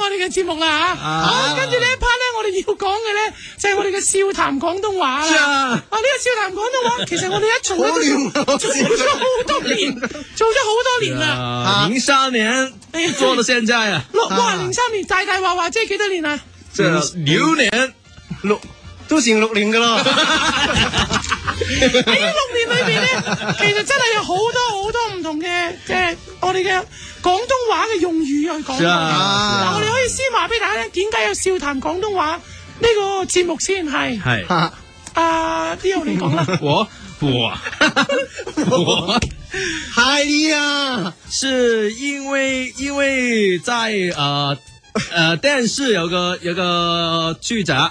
我哋嘅節目啦嚇，好，啊啊啊，跟住呢一 part 咧，啊、我哋要講嘅咧就係、是、我哋嘅笑談廣東話啦。啊，呢、啊呢個笑談廣東話，其實我哋一從都做咗好多，多，多年，做咗好多年啦，零三、啊啊、年，誒、哎，做到現在啊，六、哇，零三年、啊、大大話話即係幾多年啊？即係六年，六都成六年噶咯。 喺呢 六年裏邊咧，其實真係有好多好多唔同嘅，即係我哋嘅廣東話嘅用語去講。嗱、啊，我哋可以先話俾大家聽，點解有笑談廣東話呢個節目先？係係，啊，Jo 你講啦。我我係啊， yeah. 是因為因為在啊啊、呃呃、電視有個有個住宅。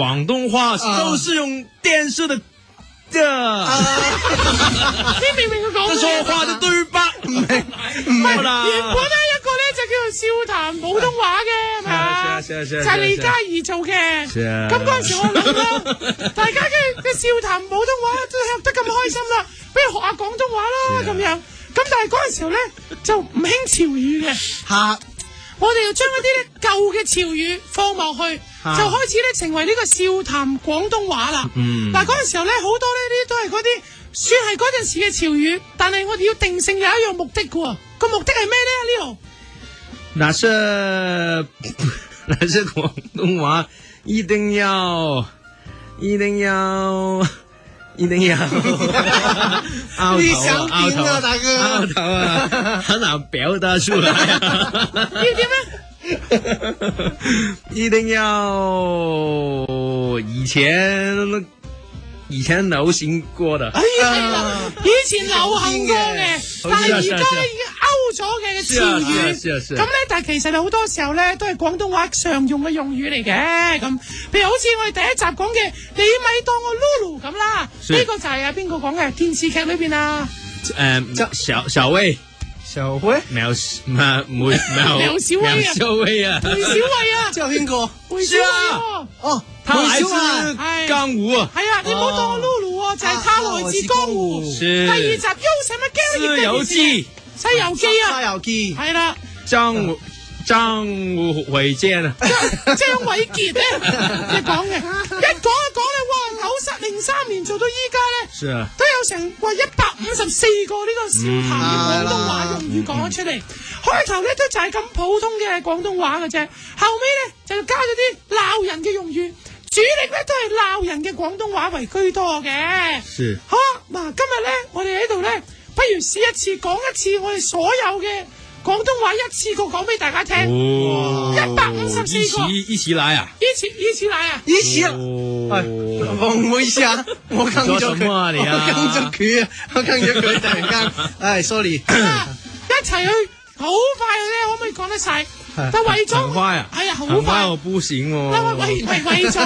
廣東話都是用電視的，這說話的對白唔係，原本咧一個咧就叫做笑談普通話嘅，係咪 吧啊？啊啊啊就係李嘉怡做嘅。咁嗰陣時我諗啦， 大家嘅嘅笑談普通話都吃得咁開心啦， 不如學下廣東話啦咁、啊、樣。咁但係嗰陣時咧就唔興潮語嘅，吓， 我哋要將一啲咧舊嘅潮語放落去。啊、就開始咧，成為呢個笑談廣東話啦。嗯，但係嗰陣時候咧，好多呢啲都係嗰啲算係嗰陣時嘅潮語，但係我哋要定性有一樣目的嘅喎、哦。個目的係咩咧呢度嗱，嗱，識廣東話，一定要一定要一定要，你想阿頭啊大哥，阿頭啊，好難表達出來、啊。 要點咧？ 一定要以前以前流行過的，哎啊、以前流行過嘅，但係而家已經 out 咗嘅詞語。咁咧，但係其實你好多時候咧都係廣東話常用嘅用語嚟嘅。咁，譬如好似我哋第一集講嘅，你咪當我 lulu 咁啦，呢是個就係阿邊個講嘅？電視劇裏邊啊，誒、嗯，小小威。小維，苗苗苗，苗苗小維啊，小維啊，小維啊，仲有邊個？韋小啊，哦，他來自江湖啊，係啊，你唔好當我 Lulu，就係、是、他來自江湖。第二集《妖神咩嘢》？《西遊記》《西遊記》啊，《西遊記》係啦，江湖。嗯張偉姐，張啊，張偉杰咧，你講嘅，一講就講啦。哇，嘔失零三年做到依家咧，啊，都有成過一百五十四個呢個笑談嘅廣東話用語講出嚟。開頭咧都就係咁普通嘅廣東話㗎啫，後尾咧就加咗啲鬧人嘅用語，主力咧都係鬧人嘅廣東話為居多嘅。是，好，嗱，今日咧我哋喺度咧，不如試一次講一次我哋所有嘅。廣東話一次過講俾大家聽。哦，一百五十四個，一齊一齊嚟啊，一齊一齊嚟啊，一齊、哦，係、哎，唔好意思啊， 我跟咗佢、啊啊，我跟咗佢，我跟咗佢突然間，係、哎，sorry，啊、一齊去，好快咧。講得晒，但係偽裝好快啊！係啊，好快，我喂喂線喎。為咗，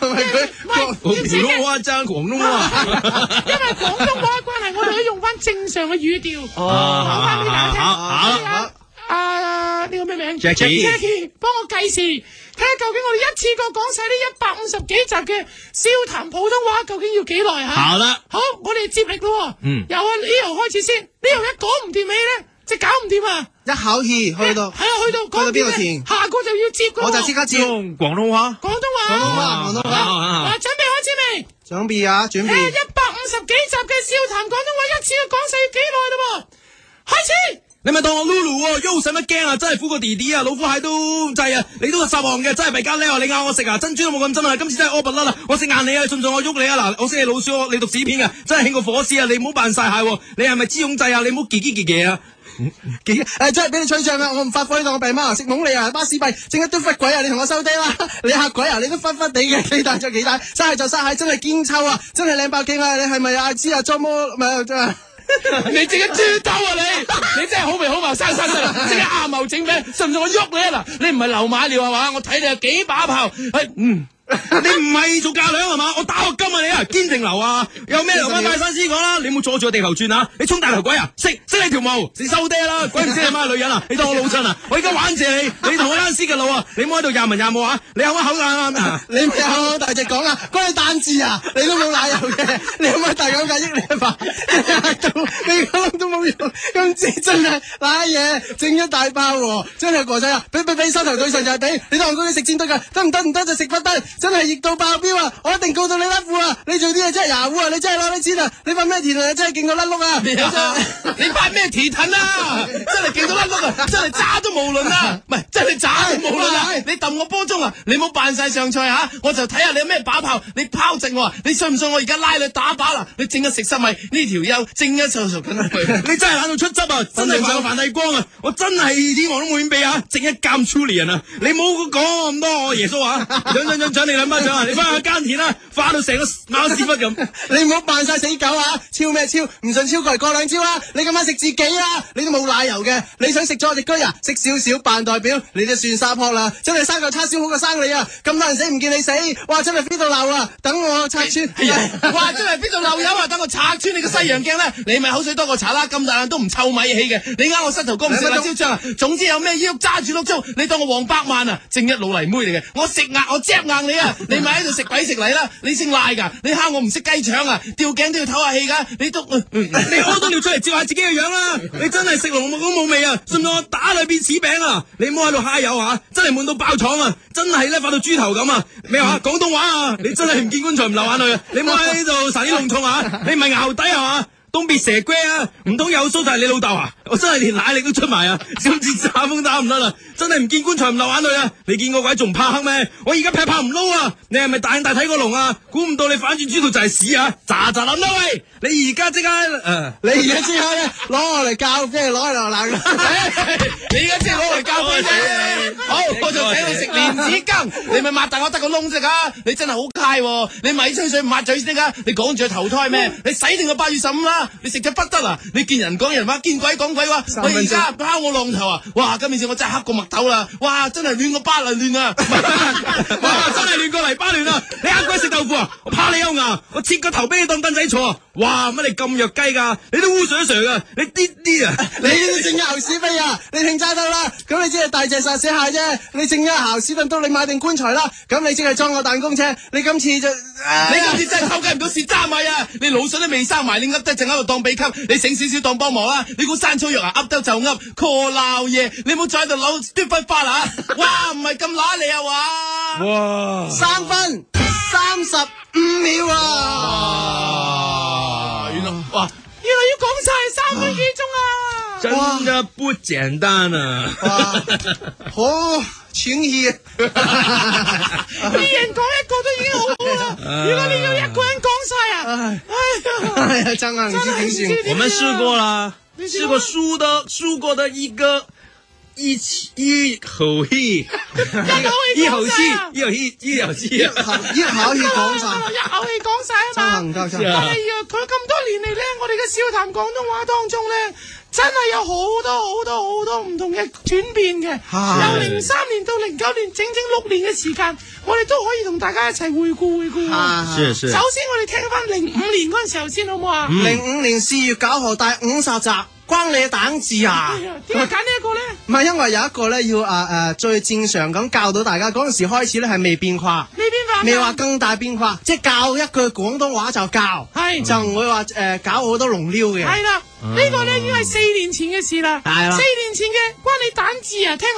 因為廣東話爭廣東因為廣東話嘅關係，我哋都用翻正常嘅語調講翻俾大家聽。啊，呢個咩名 Jacky，Jacky，幫我計時，睇下究竟我哋一次過講晒呢一百五十幾集嘅笑談普通話，究竟要幾耐吓？好啦，好，我哋接力咯。嗯，由啊，呢度開始先，呢度一講唔掂尾咧。就搞唔掂啊！一口氣去到，係啊，去到，哎、去到邊度田？那個、個下個就要接噶，我就即刻接，廣東話，廣東話，廣、啊、東話，準備開始未？準備啊！準備。一百五十幾集嘅笑談廣東話，一次講要講四幾耐咯噃？開始！你咪當我 Lulu 啊！喐使乜驚啊！真係苦過弟弟啊！老虎蟹都制啊！你都係撒王嘅，真係咪加你呢？你咬我食啊？珍珠都冇咁真啊！今次真係屙不甩啦！我食硬、啊、你，你啊！信唔信我喐你啊！嗱，我識你老鼠我、啊、你讀屎片啊！真係興過火屎啊！你唔好扮晒蟹，你係咪支勇制啊？你唔好嘰嘰嘰嘢啊！嗯、幾誒、呃、真係俾你吹脹啦、啊！我唔發火，你當我病貓食懵你啊！巴斯幣整一堆忽鬼啊！你同我收低啦、啊！你嚇鬼啊！你都忽忽地嘅，幾大就幾大？生蟹就生蟹，真係堅臭啊！真係靚爆鏡啊！你係咪阿芝阿莊摩唔係真係？Omo, 啊啊、你正一豬頭啊！你 你，你真係好肥好茂生生山，真係 阿茂整餅，信唔信我喐你啊嗱！你唔係流馬尿啊嘛？我睇你有幾把炮係嗯。你唔係做教兩係嘛？我打我金啊你啊，堅定流啊！有咩留翻大山師講啦？你冇阻住我地球轉啊！你沖大頭鬼啊！識識你條毛，收爹啦！鬼唔知你媽係女人啊！你當我老襯啊！我而家玩住你，你同我新師嘅路啊！你唔好喺度廿文廿武啊！你有乜口硬啊？ 你有冇大隻講啊？關你單字啊？你都冇奶油嘅，你有冇大咁計億兩百？你講都冇用，今次真係奶嘢，整一大包喎、喔！真係過晒啊！俾俾俾收頭對上就俾，你當我講你食煎堆噶，得唔得？唔得就食不得。真係熱到爆表啊！我一定告到你甩褲啊！你做啲嘢真係牙烏啊！你真係攞啲錢啊！你發咩田啊？真係勁過甩碌啊！你發咩田撚啊？真係勁到甩碌啊！真係渣都冇輪啊！唔係真係渣都冇輪啊！你揼我波鐘啊！你冇扮晒上菜吓、啊，我就睇下你有咩把炮。你拋直我啊！你信唔信我而家拉你打靶啦、啊？你淨一食粟米呢條友，淨一熟熟啊！你真係玩到出汁啊！真係犯個梵蒂岡啊！我真係天王都唔願俾啊！淨一監粗嚟人啊！你冇講咁多我耶穌啊！ 你諗翻上啊！ 你翻去耕田啦，翻到成個貓屎忽咁。你唔好扮晒死狗啊！超咩超？唔信超過嚟過兩招啦、啊！你今晚食自己啊，你都冇奶油嘅，你想食咗我隻居啊？食少少扮代表，你都算沙潑啦！真係生嚿叉燒好過生你啊！咁多人死唔見你死，哇！真係邊度漏啦！等我拆穿，哇！真係邊度漏人啊！等我拆穿你個西洋鏡咧，你咪口水多過茶啦！咁大眼都唔臭米氣嘅，你呃我膝頭哥唔食辣椒醬。總之有咩腰揸住碌足，你當我黃百萬啊？正一老泥妹嚟嘅，我食硬、啊、我執硬你、啊。 你咪喺度食鬼食嚟啦！你姓賴噶？你蝦我唔識雞腸啊？吊頸都要唞下氣噶？你都、嗯、 你屙都尿出嚟照下自己嘅樣啦、啊！你真係食龍木都冇味啊！信到我打你變屎餅啊？你唔好喺度蝦油啊，真係悶到爆廠啊！真係咧發到豬頭咁啊！咩話廣東話啊？你真係唔見棺材唔流眼淚啊！你唔好喺度查啲膿瘡啊，你唔係牛底啊嘛？東邊蛇龜啊，唔通有鬚就係你老豆啊？我真係連奶力都出埋啊！今次打風打唔甩啦，真係唔見棺材唔流眼淚啊！你見個鬼仲怕黑咩？我而家劈炮唔撈啊！你係咪大眼大睇個龍啊？估唔到你反轉豬頭就係屎啊！咋咋諗啦喂！呃、你而家即刻誒，你而家即刻咧攞我嚟教飛，攞嚟落難嘅，你而家即係攞嚟教飛啫！好， 我就請你食蓮子羹， 你咪擘大我得個窿啫、啊！你真係好街、啊，你咪清水唔抹嘴先噶、啊？你趕住去投胎咩？ 你洗定個八月十五啦！你食得不得啊！你見人講人話，見鬼講鬼話。次我而家拋我浪頭啊！哇！今次我真係黑過麥頭啦！哇！真係亂過巴啦亂啊！亂 哇！真係亂過泥巴亂啊！你呃鬼食豆腐啊！我怕你勾牙，我切個頭俾你當凳仔坐啊！哇！乜你咁弱雞噶？你都污水蛇噶？你啲啲啊！你都正牛屎飛啊！你聽齋得啦。咁你只係大隻殺死蟹啫。你正一牛屎粉都你買定棺材啦。咁你只係裝我彈弓車。你今次就、啊、你今次真係偷雞唔到蝕揸米啊！你腦囟都未生埋，你噏得剩。喺度當秘笈，你醒少少當幫忙啦。你估生草肉啊？噏得就噏 c a 嘢，你唔好再喺度扭跌分花啦。哇，唔係咁乸你啊！哇，三分三十五秒啊！原來哇，原來要講晒三分幾鐘啊！真的不簡單啊！好哇。 喘氣啊！一清 人講一個都已經好好啦。啊、如果你要一個人講晒啊，啊哎呀， 真係真係幾辛苦。我們試過啦，試過輸的輸過的一個一氣一口氣，一口氣，一口氣，一口氣，一口氣講晒啊一口氣講晒啊嘛！哎呀，佢咁多年嚟咧，我哋嘅笑談廣東話當中咧，真係有好多好多。唔同嘅轉變嘅，的由零三年到零九年整整六年嘅時間，我哋都可以同大家一齊回顧回顧，啊。首先，我哋聽翻零五年嗰陣時候先好唔好啊？零、嗯、五年四月九號第五十集。關你膽字啊？點解揀呢一個咧？唔係，因為有一個咧，要誒誒最正常咁教到大家嗰陣時開始咧，係未變化，未變化，未話更大變化，嗯、即係教一句廣東話就教，係、嗯、就唔會話誒搞好多龍撩嘅。係啦，呢、啊這個咧已經係四年前嘅事啦。係啦、啊，啊、四年前嘅關你膽字啊？聽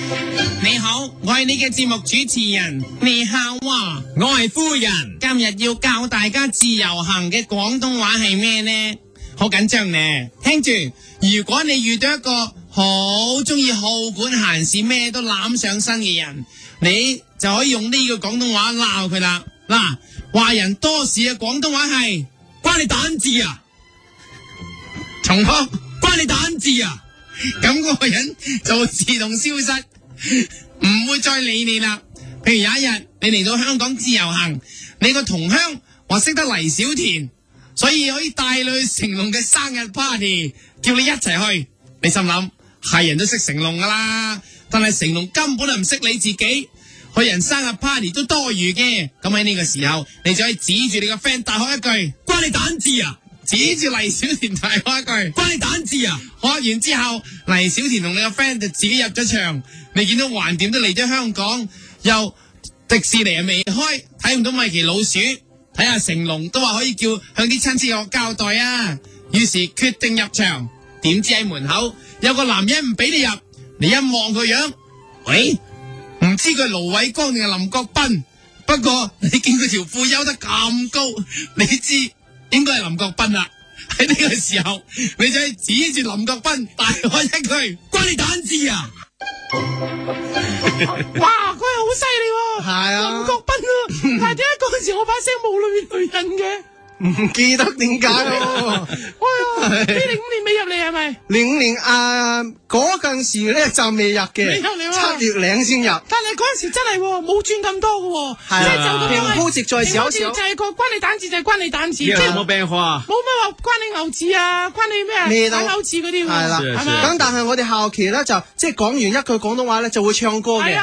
下，你好，我係你嘅節目主持人，你好啊，我係夫人，今日要教大家自由行嘅廣東話係咩咧？好緊張呢！聽住，如果你遇到一個好中意好管閑事、咩都攬上身嘅人，你就可以用呢個廣東話鬧佢啦。嗱，話人多事嘅廣東話係、啊：關你蛋字啊！重複，關你蛋字啊！咁嗰個人就會自動消失，唔 會再理你啦。譬如有一日你嚟到香港自由行，你個同鄉話識得黎小田。所以可以帶你去成龍嘅生日 party，叫你一齊去。你心諗係人都識成龍㗎喇，但係成龍根本係唔識你自己。去人生日 party 都多餘嘅。咁喺呢個時候，你就可以指住你個 friend 大喝一句：關你蛋治啊！指住黎小田大喝一句：關你蛋治啊！喝完之後，黎小田同你個 friend 就自己入咗場。你見到橫掂都嚟咗香港，又迪士尼又未開，睇唔到米奇老鼠。睇下成龍都話可以叫向啲親戚學交代啊！於是決定入場，點知喺門口有個男人唔俾你入，你一望佢樣，喂、欸，唔知佢係盧偉光定係林國斌，不過你見佢條褲休得咁高，你知應該係林國斌啦。喺呢個時候，你就係指住林國斌大喊一句：關你蛋事啊！哇！ 好犀利喎！林國斌啊，但係點解嗰陣時我把聲冇女女人嘅？唔記得點解咯。哎呀，你零五年未入嚟係咪？零五年啊，嗰陣時咧就未入嘅。未入嚟啊！七月兩先入。但係嗰陣時真係冇轉咁多喎，即係做到。好直在上，鋪直在上。關你膽子就係關你膽子，即係冇病學冇乜話關你牛字啊，關你咩啊？牛字嗰啲係啦。咁但係我哋下期咧就即係講完一句廣東話咧就會唱歌嘅。.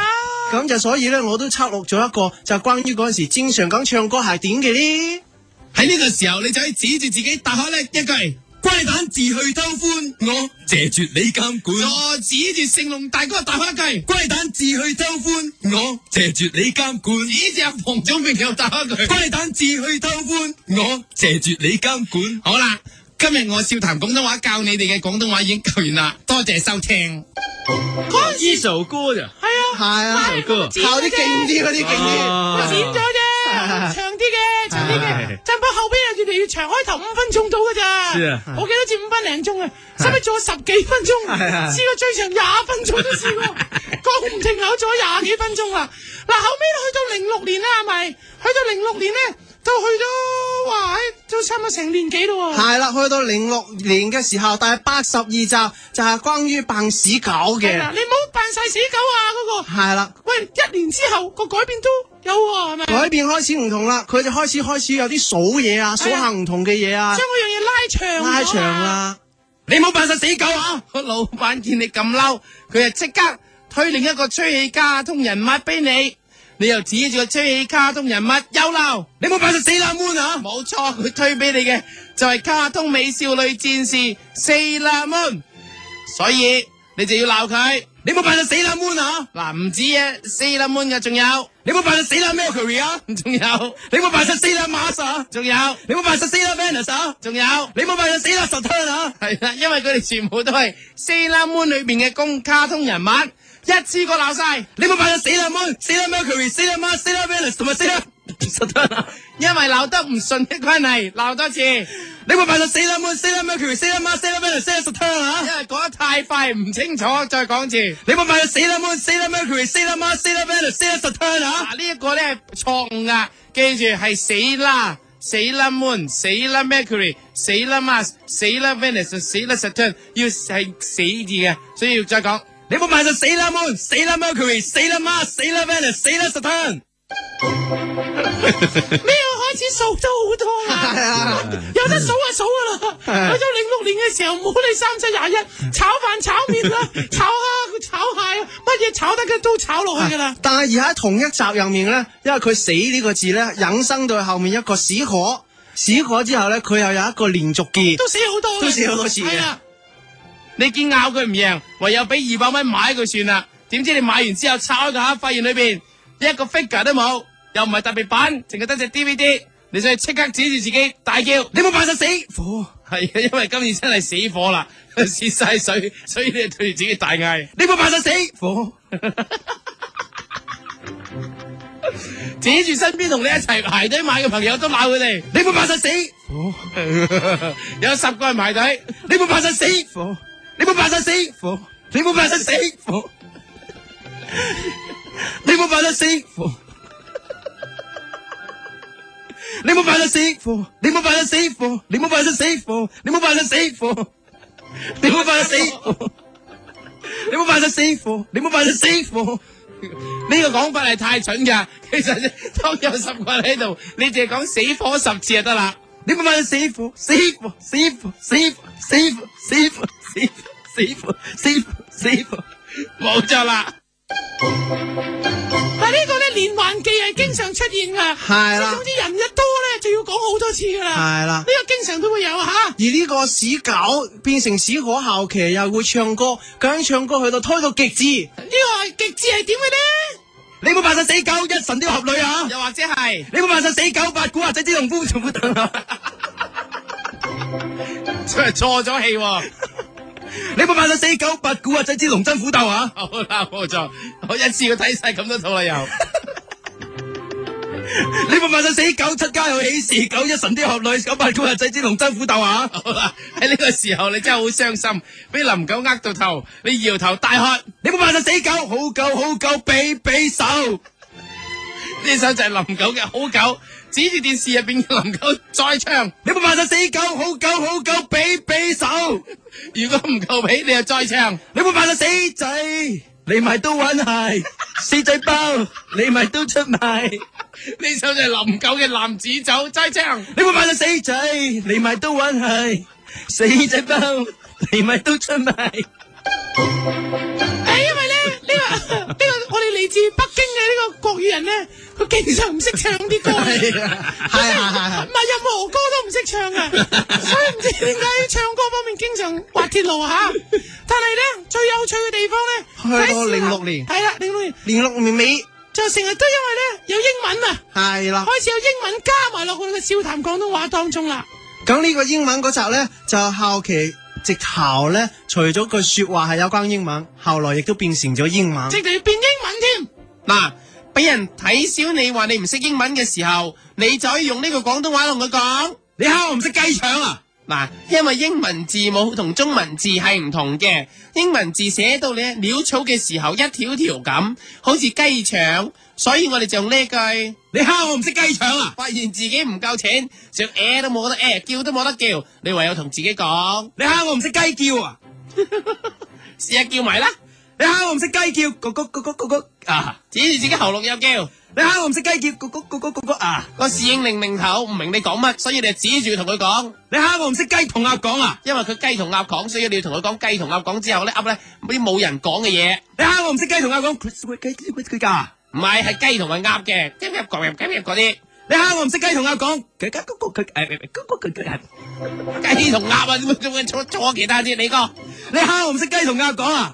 咁就所以咧，我都抄錄咗一個，就是、關於嗰時正常講唱歌係點嘅呢，喺呢個時候，你就可以指住自己打開咧一句：龜蛋自去偷歡，我謝絕你監管。又指住成龍大哥打開一句：龜蛋自去偷歡，我謝絕你監管。依隻黃種兵又打開一句：龜蛋自去偷歡，我謝絕你監管。好啦。今日我笑談廣東話，教你哋嘅廣東話已經教完啦，多謝收聽。呢首歌咋？係啊，係啊，後啲勁啲，嗰啲勁啲，剪咗啫，長啲嘅，長啲嘅，陳伯後邊越嚟越長，開頭五分鐘到噶咋？我記得剪五分零鐘啊，使咪做咗十幾分鐘？試過最長廿分鐘都試過，講唔停口咗廿幾分鐘啊！嗱，後尾去到零六年啦，係咪？去到零六年咧。都去咗，哇！都差唔多成年幾咯喎。係啦，去到零六年嘅時候，第八十二集就係關於扮死狗嘅。你唔好扮晒死狗啊！嗰、嗰個係啦。的喂，一年之後，那個改變都有喎，啊，係咪？改變開始唔同啦，佢就開始開始有啲數嘢啊，數的下唔同嘅嘢啊。將嗰樣嘢拉長。拉長啦！你唔好扮晒死狗啊！個 老闆見你咁嬲，佢就即刻推另一個吹氣卡通人物俾你。你又指住個吹氣卡通人物又鬧，你冇扮到死啦 moon 啊！冇錯，佢推俾你嘅就係卡通美少女戰士四啦 moon，所以你就要鬧佢，你冇扮到死啦 moon 啊！嗱，唔止啊，四啦 moon 嘅仲有，你冇扮到死啦 Mercury 啊，仲有，你冇扮到四啦 Mars 啊，仲有，你冇扮到四啦 Venus 啊，仲有，你冇扮到四啦 Saturn 啊！係啊，因為佢哋全部都係四啦 moon 裏邊嘅公卡通人物。一次過鬧晒，你冇辦法死啦 moon，死啦 mercury，死啦 mars，死啦 venus，同埋死啦 saturn，因為鬧得唔順的關係，鬧多次，你冇辦法死啦 moon，死啦 mercury，死啦 mars，死啦 venus，死啦 saturn 啊，因為講得太快唔清楚，再講次，你冇辦法死啦 moon，死啦 mercury，死啦 mars，死啦 venus，死啦 saturn 啊，呢一個咧係錯誤噶，記住係死啦，死啦 moon，死啦 mercury，死啦 mars，死啦 venus，死啦 saturn，要係死字嘅，所以再講。你冇買就死啦，媽！死啦 m e r r y 死啦，媽！死啦，Venus！死啦 s a t u n 咩啊？開始數咗好多啊！有得數就數啊啦！我喺零六年嘅時候，冇你三七廿一炒飯炒麵啦，炒蝦、炒蟹，乜嘢炒得嘅都炒落去噶啦。但係而喺同一集入面咧，因為佢死呢個字咧，引申到後面一個死可」。「死可」之後咧，佢又有一個連續嘅，都死好多，都死好多次嘅。你見拗佢唔贏，唯有俾二百蚊買佢算啦。點知你買完之後拆開個盒，發現裏邊一個 figure 都冇，又唔係特別版，淨係得隻 DVD。你想即刻指住自己大叫：你冇扮晒死火！係啊，因為今次真係死火啦，蝕晒水，所以你對住自己大嗌：你冇扮晒死火！ 指住身邊同你一齊排隊買嘅朋友都鬧佢哋：你冇扮晒死火！ 有十個人排隊，你冇扮晒死火！ 你冇扮晒師傅，你冇扮晒師傅，你冇扮晒師傅，你冇扮晒師傅，你冇扮晒師傅，你冇扮晒師傅，你冇扮晒師傅，你冇扮晒師傅，你冇扮晒師傅，你冇扮晒師傅，你冇扮晒師傅，呢個講法係太蠢噶。其實你都有十個喺度，你淨係講死火十次就得啦。你冇扮晒師傅，師傅，師傅，師傅，師傅，師傅。死火死火死火，冇錯啦。嗱，呢個咧連環技係經常出現噶，係啦的。總之人一多咧就要講好多次噶啦，係啦的。呢個經常都會有吓。啊、而呢個屎狗變成屎可效期，又會唱歌，咁唱歌去到胎到極致。呢個極致係點嘅呢？你冇扮晒死狗一神雕俠女啊？又或者係你冇扮晒死狗八股阿仔啲農夫，知唔得啊？即 係 錯咗戲，啊。你冇扮到死狗，八古惑仔之龍爭虎鬥啊！好啦，冇錯，我一次要睇晒咁多套啦又。 你冇扮到死狗，出街有喜事，九一神雕俠侶，九八古惑仔之龍爭虎鬥啊！好啦，喺呢個時候你真係好傷心，俾 林狗呃到頭，你搖頭大喝。你冇扮到死狗，好狗好狗比比手，呢首就係林狗嘅好狗。指住電視入邊，要能夠再唱。你會扮到死狗，好狗好狗比比手。 如果唔夠比，你又再唱。你會扮到死仔，你咪都揾鞋；死仔包，你咪都出賣。呢 首就係林狗嘅男子走再唱。你會扮到死仔，你咪都揾鞋；死仔包，你咪都出賣。 呢個我哋嚟自北京嘅呢個國語人咧，佢經常唔識唱啲歌，係啊係啊係唔係任何歌都唔識唱嘅？所以唔知點解喺唱歌方面經常滑鐵盧吓。但係咧最有趣嘅地方咧，去到零六年，係啦零六年，零六年尾就成日都因為咧有英文啊，係啦，開始有英文加埋落去嘅笑談廣東話當中啦。咁呢個英文嗰集咧就後期。直頭咧，除咗句說話係有關英文，後來亦都變成咗英文。直頭要變英文添，嗱，啊，俾人睇小你話你唔識英文嘅時候，你就可以用呢個廣東話同佢講。你蝦我唔識雞腸啊！嗱，因為英文字母同中文字係唔同嘅，英文字寫到你潦草嘅時候一條條咁，好似雞腸，所以我哋就用呢句：你蝦我唔識雞腸啊！發現自己唔夠錢，想誒、呃、都冇得誒、呃，叫都冇得叫，你唯有同自己講：你蝦我唔識雞叫啊！ 試下叫埋啦。你蝦我唔識雞叫，咕咕咕咕咕咕啊，指住自己喉嚨又叫。你蝦我唔識雞叫，咕咕咕咕咕咕啊，個侍應擰擰頭，唔明你講乜，所以你就指住同佢講。你蝦我唔識雞同鴨講啊，因為佢雞同鴨講，所以你要同佢講雞同鴨講之後咧，噏咧啲冇人講嘅嘢。你蝦我唔識雞同鴨講，唔係係雞同埋鴨嘅，雞咩講嘅，雞咩講啲。你蝦我唔識雞同鴨講，雞雞雞雞誒，雞同鴨啊，做咩坐其他啲？你個，你蝦我唔識雞同鴨講啊？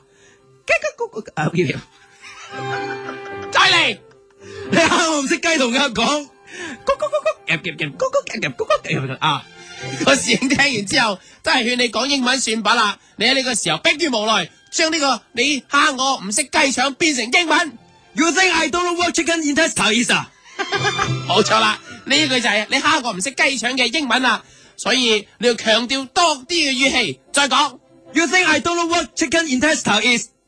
再嚟。你蝦我唔識雞同鴨講，咕咕咕咕，啊，個侍應聽完之後都係勸你講英文算法啦。你喺呢個時候逼於無奈，將呢、這個你蝦我唔識雞腸變成英文。You think I don't know what chicken intestine is？冇錯 啦，呢句就係你蝦我唔識雞腸嘅英文啦，所以你要強調多啲嘅語氣再講。You think I don't know what chicken intestine is？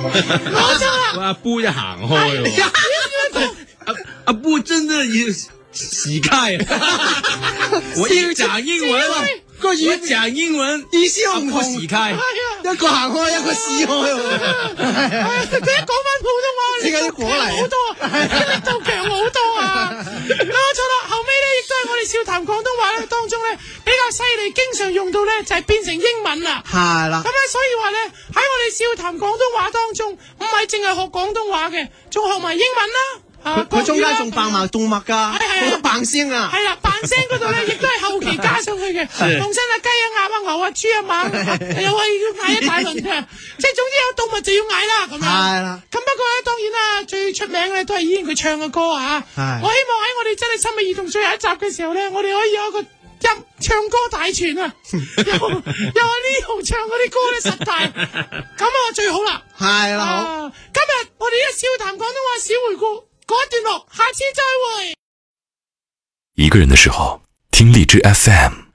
我錯了、 啊，阿波一行開，阿阿波真係要死開，我要講英文啊，個語講英文意思唔同，一個行開、哎、呀一個死開，佢一講翻普通話，你而家都過嚟好多，啊，力度強我好多啊，錯 啦、啊，笑談廣東話咧，當中咧比較犀利，經常用到咧就係變成英文啦。係啦，咁咧所以話咧喺我哋笑談廣東話當中，唔係淨係學廣東話嘅，仲學埋英文啦。佢佢中間仲扮埋動物㗎，扮聲啊！係啦，扮聲嗰度咧亦都係後期加上去嘅，重新啊雞啊鴨啊牛啊豬啊馬，又係要嗌一大輪嘅，即係總之有動物就要嗌啦咁樣。係啦。咁不過咧，當然啦，最出名嘅都係依佢唱嘅歌啊！係。我希望喺我哋真係《森美移動》最後一集嘅時候咧，我哋可以有一個音唱歌大全啊！又又阿 Lion 唱嗰啲歌咧實大，咁啊最好啦。係啦。今日我哋一笑談廣東話小回顧。確定咯，下次再會。一個人的時候，聽荔枝 FM。